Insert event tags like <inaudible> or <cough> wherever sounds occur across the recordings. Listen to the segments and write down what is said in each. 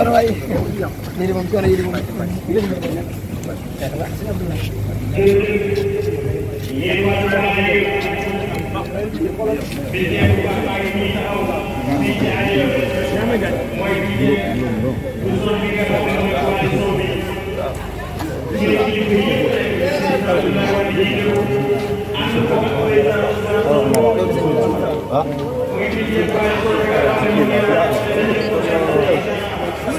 coono waaye lii de moom coono yi de moom yéen ñëpp dañu nekk.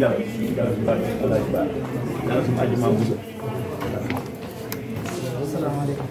sëñ Gallo sëñ Gallo bi baax na si baax yàlla suma aju maa gudd. asalaamaaleykum.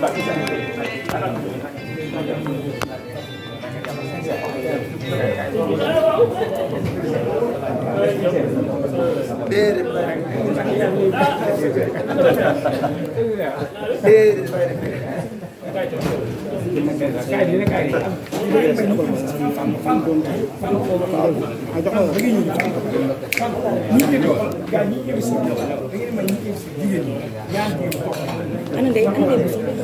Thank you. déedéet bu baax déedéet bu baax déedéet bu baax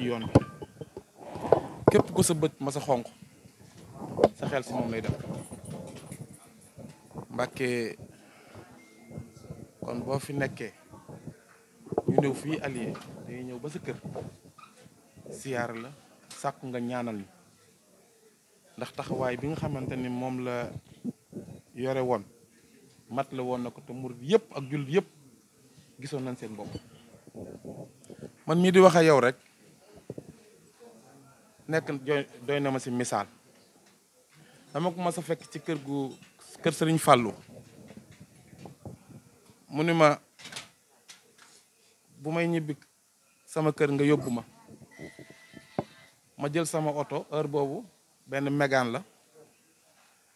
ci yoon bi képp ku sa bët ma sa xonq sa xel si moom lay dem Mbàkke kon boo fi nekkee ñu ñëw fii allié dañuy ñëw ba sa kër siyaar la sàkk nga ñaanal ñu ndax taxawaay bi nga xamante ni moom la yore woon mat la woon na ko te murid yëpp ak jul yépp gisoon nañ seen bopp man mii di wax yow rek nekk doy na ma si misaal dama ko mas a fekk ci kër gu kër sëriñ Fallou mu ni ma bu may ñibbi sama kër nga yóbbu ma ma jël sama oto heure boobu benn mégaan la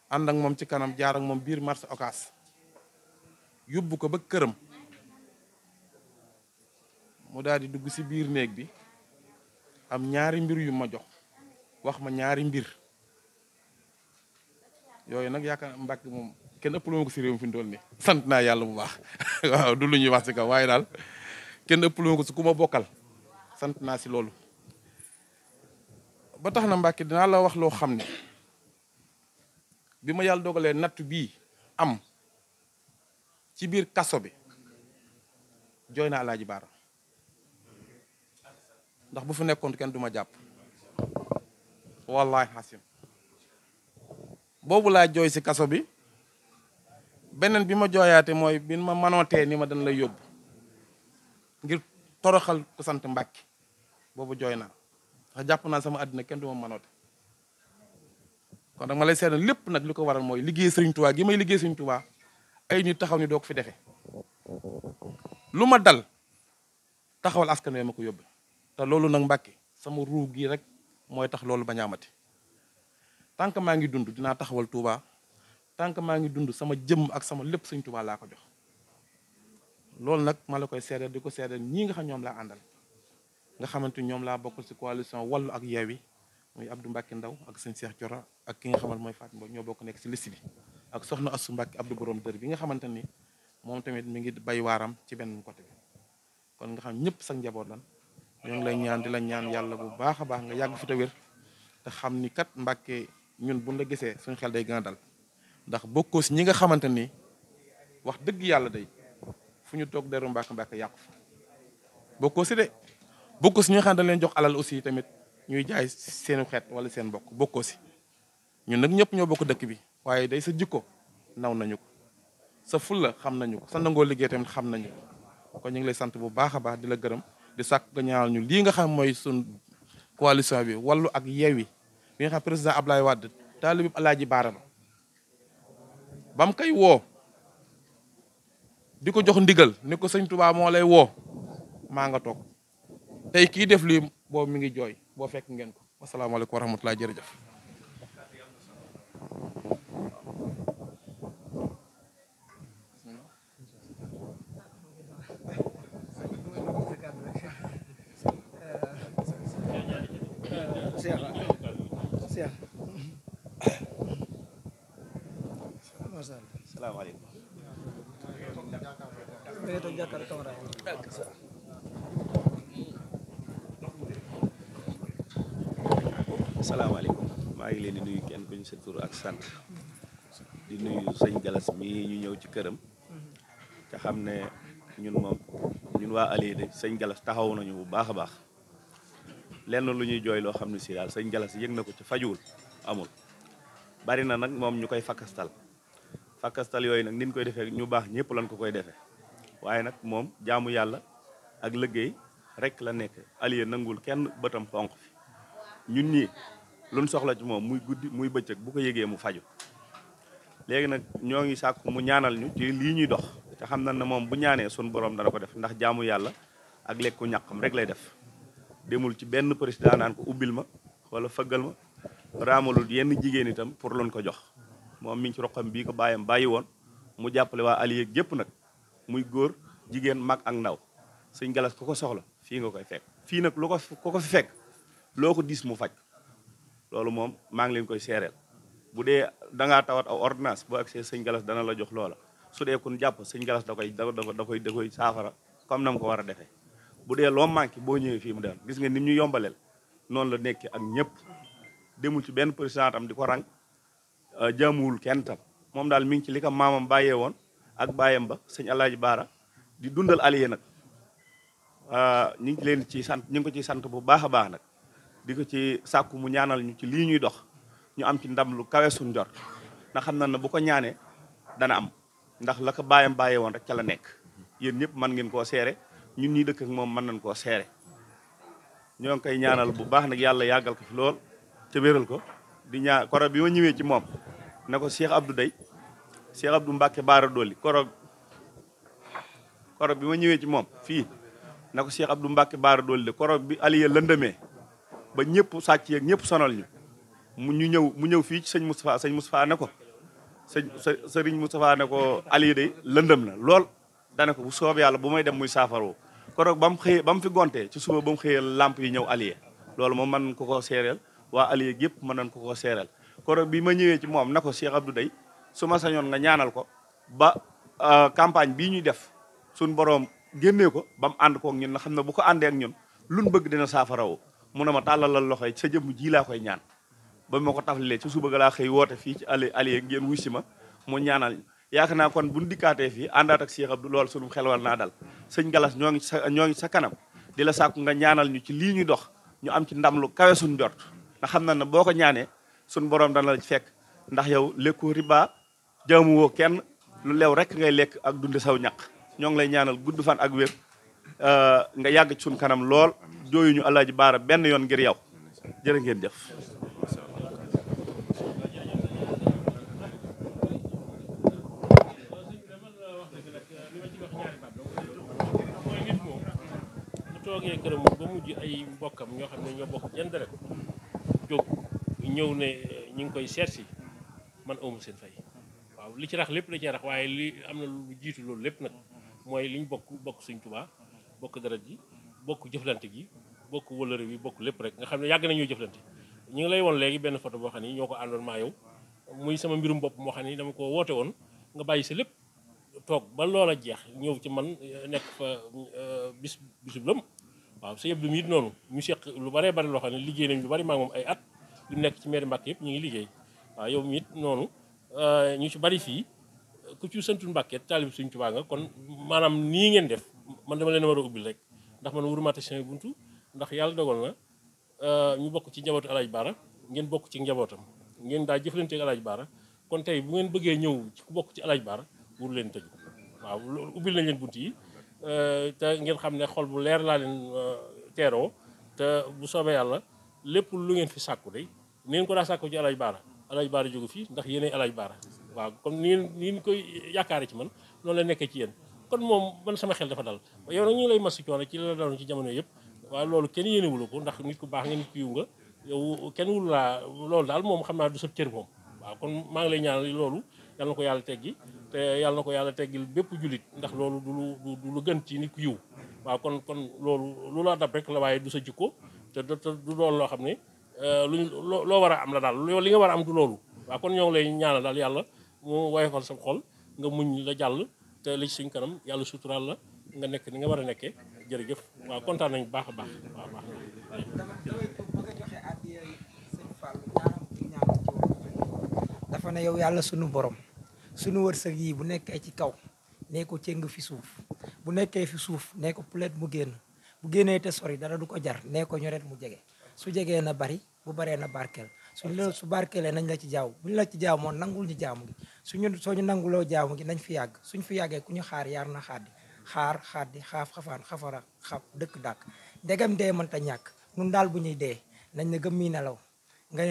ànd ak moom ci kanam jaar ak moom biir marché okaas yóbbu ko ba këram mu daal dugg si biir néeg bi am ñaari mbir yu ma jox wax ma ñaari mbir yooyu nag yaakaar Mbàkke moom kenn ëpp lu ma ko si réew mi sant naa yàlla bu baax <laughs> waaw du lu ñuy wax si kaw waaye daal kenn ëpp lu ma ko si ku ma bokkal sant naa si loolu ba tax na Mbàkke dinaa la wax loo xam ne bi ma yàlla dogalee natt bii am ci biir kaso bi jooy naa Alaaji Baara ndax bu fu nekkoon kenn du ma jàpp wallahi xasim boobu laa jooy si kaso bi beneen bi ma jooyaate mooy bi ma manootee ni ma dañ lay yóbbu ngir toroxal ku sant Mbàkke boobu jooy naa ndax jàpp naa sama àddina kenn du ma manoote kon nag ma lay seetal lépp nag li ko waral mooy liggéey Sëriñ Tuubaa gi may liggéey Sëriñ Tuubaa ay nit taxaw ni doo ko fi defe lu ma dal taxawal askan wi ma ko yóbbu te loolu nag Mbàkke sama ruu gii rek mooy tax loolu bañ a amati tant que maa ngi dund dinaa taxawal Touba tant maa ngi dund sama jëm ak sama lépp sëñ Touba laa ko jox loolu nag ma la koy seedeel di ko seedeel ñii nga xam ñoom laa àndal nga xamante ñoom laa bokkul ci coalition Wallu ak Yewwi muy Abdou Mbacke Ndaw ak sëñ Cheikh Diora ak ki nga xamal mooy Fatou Mbow ñoo bokk nekk ci liste bi ak soxna Assou Mbacke Abdou Borom Dër bi nga xamante ni moom tamit mi ngi bay waaram ci benn côté bi kon nga xam ñëpp sax njaboot lan ñoo ngi lay ñaan di la ñaan yàlla bu baax a baax nga yàgg fi te wér xam ni kat Mbàkke ñun buñ la gisee suñ xel day gën a dal ndax bokkoo si ñi nga xamante ni wax dëgg yàlla day fu ñu toog deru Mbàkke Mbàkke yàqu fa bokkoo si de bokkoo si ñu nga xam dañ leen jox alal aussi tamit ñuy jaay seen xeet wala seen mbokk bokkoo si ñun nag ñëpp ñoo bokk dëkk bi waaye day sa jikko naw nañu ko sa fulla xam nañu ko sa nangoo liggéey tamit xam nañu ko ñu ngi lay sant bu baax a baax di la gërëm di sàkk nga ñaanal ñu lii nga xam mooy sun coalition bi wallu ak yewi bi nga xam président Ablaye Wade taalib Alaaji Baara la ba mu koy woo di ko jox ndigal ni ko sëñ Tuubaa moo lay woo maa nga toog tey kii def lii boobu mi ngi jooy boo fekk ngeen ko wasalaamaaleykum wa rahmatulah jaf seex seex masha maa ngi leen di nuyu kenn ku ñu sa ak sant di nuyu sëñ Galas mii ñu ñëw ci këram te xam ne ñun moom ñun waa Alieu de sëñ Galas taxaw nañu bu baax a baax lenn lu ñuy jooy loo xam ne si daal sëñ Gallas yëg na ko ci fajuwul amul bari na nag moom ñu koy fakkastal fakkastal yooyu nag ni koy defee ñu baax ñëpp lañ ko koy defee waaye nag moom jaamu yàlla ak liggéey rek la nekk Aliou nangul kenn bëtam xonq fi ñun ñii luñ soxla ci moom muy guddi muy bëccëg bu ko yëgee mu faju léegi nag ñoo ngi sàkku mu ñaanal ñu lii ñuy dox te xam na ne moom bu ñaanee suñu borom dana ko def ndax jaamu yàlla ak lekku ñàqam rek lay def demul ci benn président naan ko ubbil ma wala fëggal ma raamalul yenn jigéen itam pour loon ko jox moom mi ngi ci roqam bii ko bàyyam bàyyi woon mu jàppale waa allié gépp nag muy góor jigéen mag ak ndaw sëñ galas ku ko soxla fii nga koy fekk fii nag lu ko ko fi loo ko dis mu faj loolu moom maa ngi leen koy seereel bu dee dangaa tawat aw ordonnance boo agsee sëñ galas dana la jox loola su dee kun jàpp sëñ galas da koy da koy da koy saafara comme na mu ko war a defee bu dee loo manqué boo ñëwee fii mu dem gis nga ni ñu yombaleel noonu la nekkee ak ñëpp demul ci benn président tam di ko rang euh, jaamuwul kenn tam moom daal mi ngi ci li ko maamam bàyyee woon ak bàyyam ba sëñ Alaaji Baara di dundal allié nag euh, ñu ngi leen ci sant ñu ngi ko ciy sant bu baax a baax nag di ko ci sàkku mu ñaanal ñu ci lii ñuy dox ñu am ci ndam lu kawe suñ jor na xam na ne bu ko ñaanee dana am ndax la ko bàyyam bàyyee woon rek ca la nekk yéen ñëpp mën ngeen koo seere ñun ñi dëkk moom mën nañ koo seere ñoo ngi koy ñaanal bu baax nag yàlla yàggal ko fi lool te wéral ko di ñaan koro bi ma ñëwee ci moom ne ko Cheikh Abdou day Cheikh Abdou Mbacke Baara dooli koro koro bi ma ñëwee ci moom fii na ko Cheikh Abdou Mbacke Baara Doli de koro bi Aliya lëndëmee ba ñëpp sàcc yeeg ñëpp sonal ñu mu ñu ñëw mu ñëw fii ci sëñ Moustapha sëñ Moustapha ne ko sëñ sëriñ Moustapha ne ko Aliya de lëndëm na lool dane ko bu soob yàlla bu may dem muy saafaroo koroog ba mu xëyee ba mu fi gontee ci suba ba mu xëyee làmp yi ñëw allié loolu moom mën ko koo seereel waa allié gépp mën nañ ko koo seereel koroog bii ma ñëwee ci moom na ko Cheikh Abdou Day su ma sañoon nga ñaanal ko ba euh, campagne bii ñuy def suñ boroom génnee ko ba mu ànd kook ñun na xam ne bu ko àndee ak ñun luñ bëgg dina saafarawo mu ne ma tàllalal loxo sa jëmm ji laa koy ñaan ba ma ko taflilee ci suba ga laa xëy woote fii ci allié allié ngeen wuy si ma mu ñaanal yaakaar naa kon buñ dikkaatee fii àndaat ak Cheikh Abdou lool sunu xelwal naa dal sëñ Galas ñoo ngi sa ñoo ngi sa kanam di la saaku nga ñaanal ñu ci lii ñuy dox ñu am ci ndam lu kawe suñ jort ndax xam na ne boo ko ñaanee suñ borom dana la ci fekk ndax yow lekku riba jaamu woo kenn lu lew rek ngay lekk ak dunde saw ñaq ñoo ngi lay ñaanal gudd fan ak wér euh, nga yàgg ci suñ kanam lool jooyuñu alaaji baara benn yoon ngir yow jërë ngeen jëf jógee këram ba mujj ay mbokkam ñoo xam ne ñoo bokk jënd rek jóg ñëw ne eh, ñu ngi koy seet si man awma seen fay waaw li ci rax lépp la ci rax waaye li am na lu jiitu loolu lépp nag mooy li ñu bokk bokk suñ tubaa bokk dara ji bokk jëflante gi bokk wëlëre bi bokk lépp rek nga xam ne yàgg nañoo jëflante ñu ngi lay won léegi benn photo boo xam ni ñoo ko àndoon maa yow muy sama mbirum bopp moo xam ni dama koo woote woon nga bàyyi si lépp toog ba a jeex ñëw ci man eh, nekk fa eh, bis bisub waaw sëñ Abdou mi it noonu ñu seq lu baree bari loo xam ne liggéey nañ lu bari maa moom ay at lu nekk ci mairie Mbàkke yëpp ñu ngi liggéey waaw yow mi it noonu euh, ñu si bari fii ku ci santul Mbàkke taalib Sëñ Tuubaa nga kon maanaam nii ngeen def man dama leen war a ubbil rek ndax man wurmaate sama buntu ndax yàlla dogal na euh, ñu bokk ci njabootu alaaj baara ngeen bokk ci njabootam ngeen daa jëflanteeg alaaj baara kon tey bu ngeen bëggee ñëw ku bokk ci alaaj baara wuru leen tëju waaw ubbil nañ leen bunt yi Euh, te ngeen xam ne xol bu leer laa leen euh, teeroo te bu soobee yàlla lépp lu ngeen fi sàkku de ni ngeen ko daa sàkku ci alaj baara alaj baara jógu fii ndax yéenay alaj baara waaw comme ni ngeen koy yaakaare ci man noonu la nekkee ci yéen kon moom man sama xel dafa dal yow nag ñu ngi lay masu coono ci la daloon ci jamono yëpp waaye loolu kenn yéenewulu ko ndax nit ku baax nga nit ku yiw nga kenn wul laa loolu daal moom xam naa du sab cër moom waaw kon maa ngi lay ñaanal loolu yal ko yàlla teggi te yal ko yàlla teggil bépp jullit ndax loolu du lu gën ci nit ku yiw waaw kon kon loolu lu la dab rek la waaye du sa jikko te du doon loo xam ne euh, luñ loo war a am la daal li nga war a am du loolu waaw kon ñoo la ñaana daal yàlla mu woyofal sa xol nga muñ la jàll te li suñ kanam yàlla suturaal la nga nekk ni nga war a nekkee jërëjëf waaw kontaan nañ baax a baax waaw baax dafa ne yow yàlla sunu borom sunu wërsëg yi bu nekkee ci kaw nee ko cëng fi suuf bu nekkee fi suuf nee ko pulet mu génn bu génnee te sori dara du ko jar nee ko ñoret mu jege su jegee na bari bu baree na barkeel su la su barkeelee nañ la ci jaaw bu ñu la ci jaaw moo nangul ñu jaamu gi soo ñu nanguloo jaamu gi nañ fi yàgg suñ fi yàggee ku ñu xaar yar na xaaddi xaar xaaddi xaaf xafaan xafara xaf dëkk dàkk ndegam dee mënta ñàkk nun daal bu ñuy dee nañ ne gëm mi nelaw nga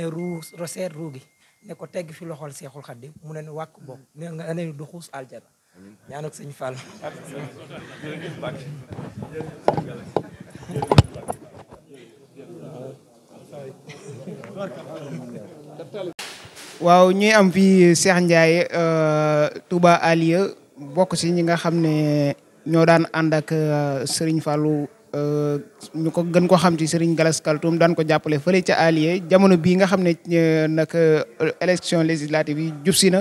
ne tegg fi loxol seexul xaddi mu ne wàkk bokk ne nga ne du xuus aljana ñaan ak sëñ Fall waaw ñuy am fii Cheikh Ndiaye euh, Touba Alieu bokk si ñi nga xam ne ñoo daan ànd euh, sëriñ falu Euh, ñu ko gën ko xam ci Serigne Gallas Kaltoum daan ko jàppale fële ca allié jamono bii nga xam ne euh, nag euh, élection législative yi jub si na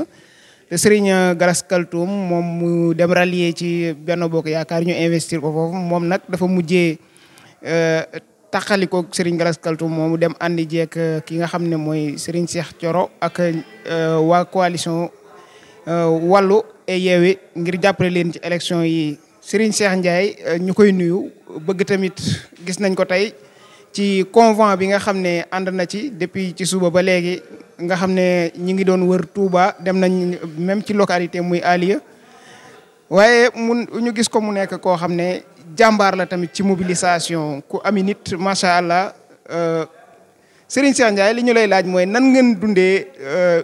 te Serigne Gallas Kaltoum moom mu dem rallier ci benn Bokk Yaakaar ñu investir ko foofu moom nag dafa mujjee taqali ko sëriñ Gallas Kaltoum moomu dem àndi jeek ki nga xam ne mooy Serigne seex coro ak waa coalition wàllu et yeewi ngir jàppale leen ci élection yi Serigne Cheikh Ndiaye euh, ñu koy nuyu bëgg tamit gis nañ ko tey ci convent bi nga xam ne ànd na ci depuis ci suba ba léegi nga xam ne ñi ngi doon wër Touba dem nañ même ci localité muy Aliya waaye mun ñu gis ko mu nekk koo xam ne jàmbaar la tamit ci mobilisation ku ami nit macha allah euh, Serigne Cheikh Ndiaye li ñu lay laaj mooy nan ngeen dundee euh,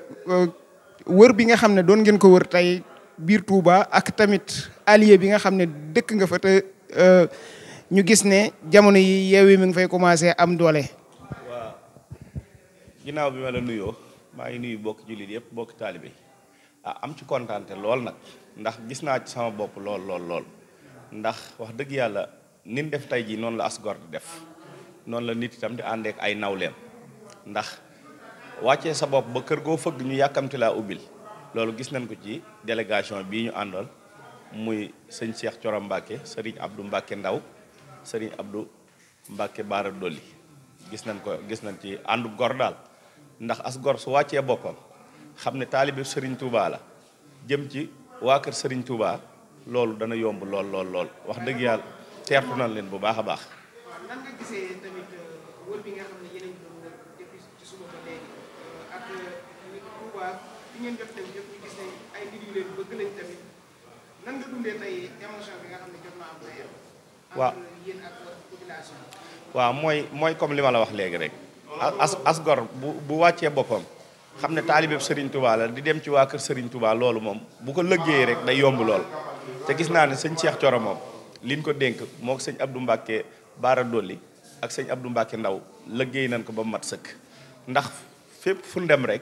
wër bi nga xam ne doon ngeen ko wër tey biir tuuba ak tamit allié bi nga xam ne dëkk nga fa te euh, ñu gis ne jamono yi yeewi mi ngi fay commencé am doole. waaw ginnaaw bi ma la nuyoo maa ngi nuyu bokk jullit yëpp bokk taalibe ah am ci kontaante lool nag ndax gis naa ci sama bopp lool lool ndax wax dëgg yàlla nin def tey jii noonu la as def noonu la nit itam di àndeek ay nawleem ndax wàccee sa bopp ba kër goo fëgg ñu yàkkamti laa ubbil loolu gis nañ ko ci délégation bii ñu àndoon muy sëñ Cheikh Coro Mbacke sëriñ ab Abdou Mbacke Ndaw sëriñ Abdou Mbacke Baara Dolli gis nañ ko gis nañ ci àndu gor daal ndax as gor su wàccee boppam xam ne taalibe sëriñ Touba la jëm ci waa kër sëriñ Touba loolu dana yomb lool lool wax dëgg yàlla teertu na leen bu baax a baax. bi waaw waaw mooy mooy comme li ma la wax léegi rek as as gor bu bu wàccee boppam xam ne taalibeeb Serigne Touba di dem ci waa kër Serigne Touba loolu moom bu ko lëggee rek day yomb lool te gis naa ne sëñ Cheikh Thioro moom liñ ko dénk moo ko sëñ Abdou Mbacke Baara Dolli ak sëñ Abdou Mbacke Ndaw lëggéey nañ ko ba mu mat sëkk ndax fépp fu ndem rek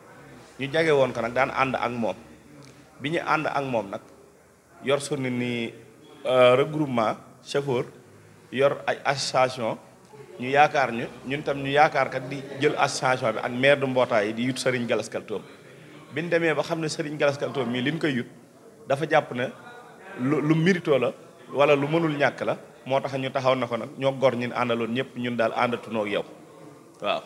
ñu jage woon ko nag daan ànd ak moom bi ñu ànd ak moom nag yor sunu ni euh, regroupement chauffeur yor ay association ñu yaakaar ñu ñun tam ñu yaakaar kat di jël association bi ak maire de mbootaay yi di yut Serigne Gallas bi ñu demee ba xam ne Serigne Gallas Kaltoum mii li koy yut dafa jàpp ne lu lu mérito la wala lu mënul ñàkk la moo tax ñu taxaw na ko nag ñoo gor ñun àndaloon ñëpp ñun daal àndatunoog yow waaw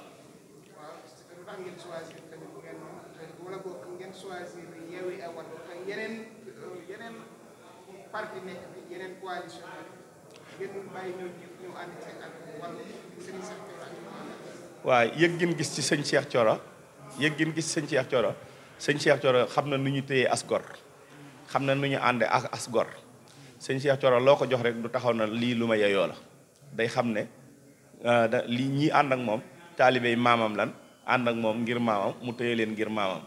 waa nekk yëg ngeen gis ci sëñ Cheikh Thioro yëg ngeen gis sëñ Cheikh Thioro sëñ Cheikh Thioro xam na nu ñu téyee as xam na nu ñu àndee ak as sëñ Cheikh Thioro loo ko jox rek du taxaw na lii lu ma yeyoo la day xam ne euh, lii ñii ànd ak moom taalibe yi maamam lan ànd ak moom ngir maamam mu tëye leen ngir maamam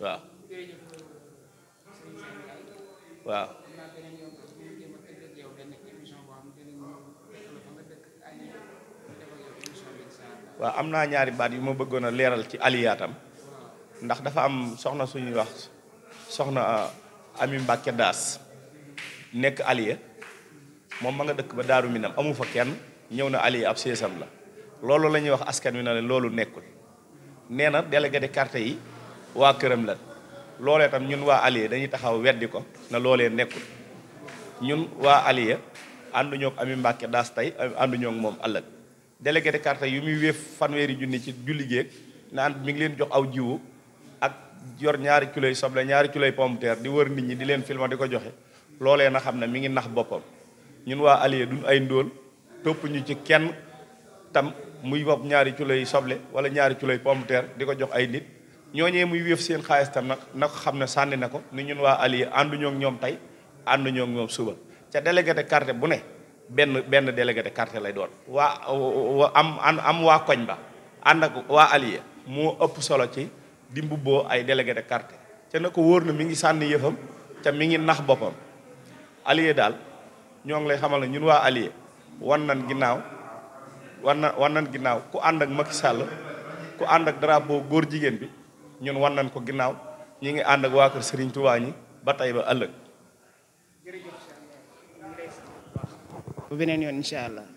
waaw waaw waa am naa ñaari baat yu ma bëggoon a leeral ci aliyaatam ndax dafa am soxna suñuy wax soxna uh, ami Mbàkke daas nekk aliya moom ma nga dëkk ba daaru nam amu fa kenn ñëw na aliya ab seesam la loolu la ñuy wax askan wi na leen loolu nekkul nee na délégué de yi waa këram la loolee tam ñun waa aliya dañuy taxaw weddi ko na loolee nekkul ñun waa aliya ànduñoo ak ami Mbàkke daas tey ànduñoo ak moom ëllëg délégué de quartier yu muy wéef fanweeri junni ci julli géeg naan mi ngi leen jox aw jiwu ak yor ñaari kiloy soble ñaari kiloy pomme di wër nit ñi di leen filma di ko joxe loolee na xam ne mi ngi nax boppam ñun waa allié duñ ay ndóol topp ci kenn tam muy bopp ñaari kiloy soble wala ñaari kiloy pomme di ko jox ay nit ñooñee muy wéef seen xaalis tam nag na xam ne sànni na ko ni ñun waa allié ànduñoo ak ñoom tey ànduñoo ak ñoom suba ca délégué de bu ne benn benn délégué de quartier lay doon waa am waa koñ ba ànd ak waa allié moo ëpp solo ci di mbubboo ay délégué de quartier ca na ko wóor na mi ngi sànni yëfam ca mi ngi nax boppam allié daal ñoo ngi lay xamal ne ñun waa allié wan nan ginnaaw wan na wan nan ginnaaw ku ànd ak Macky sàll ku ànd ak drapeau góor jigéen bi ñun wan nan ko ginnaaw ñu ngi ànd ak waa kër Serigne Touba ba tey ba ëllëg bu beneen yoon incha allah.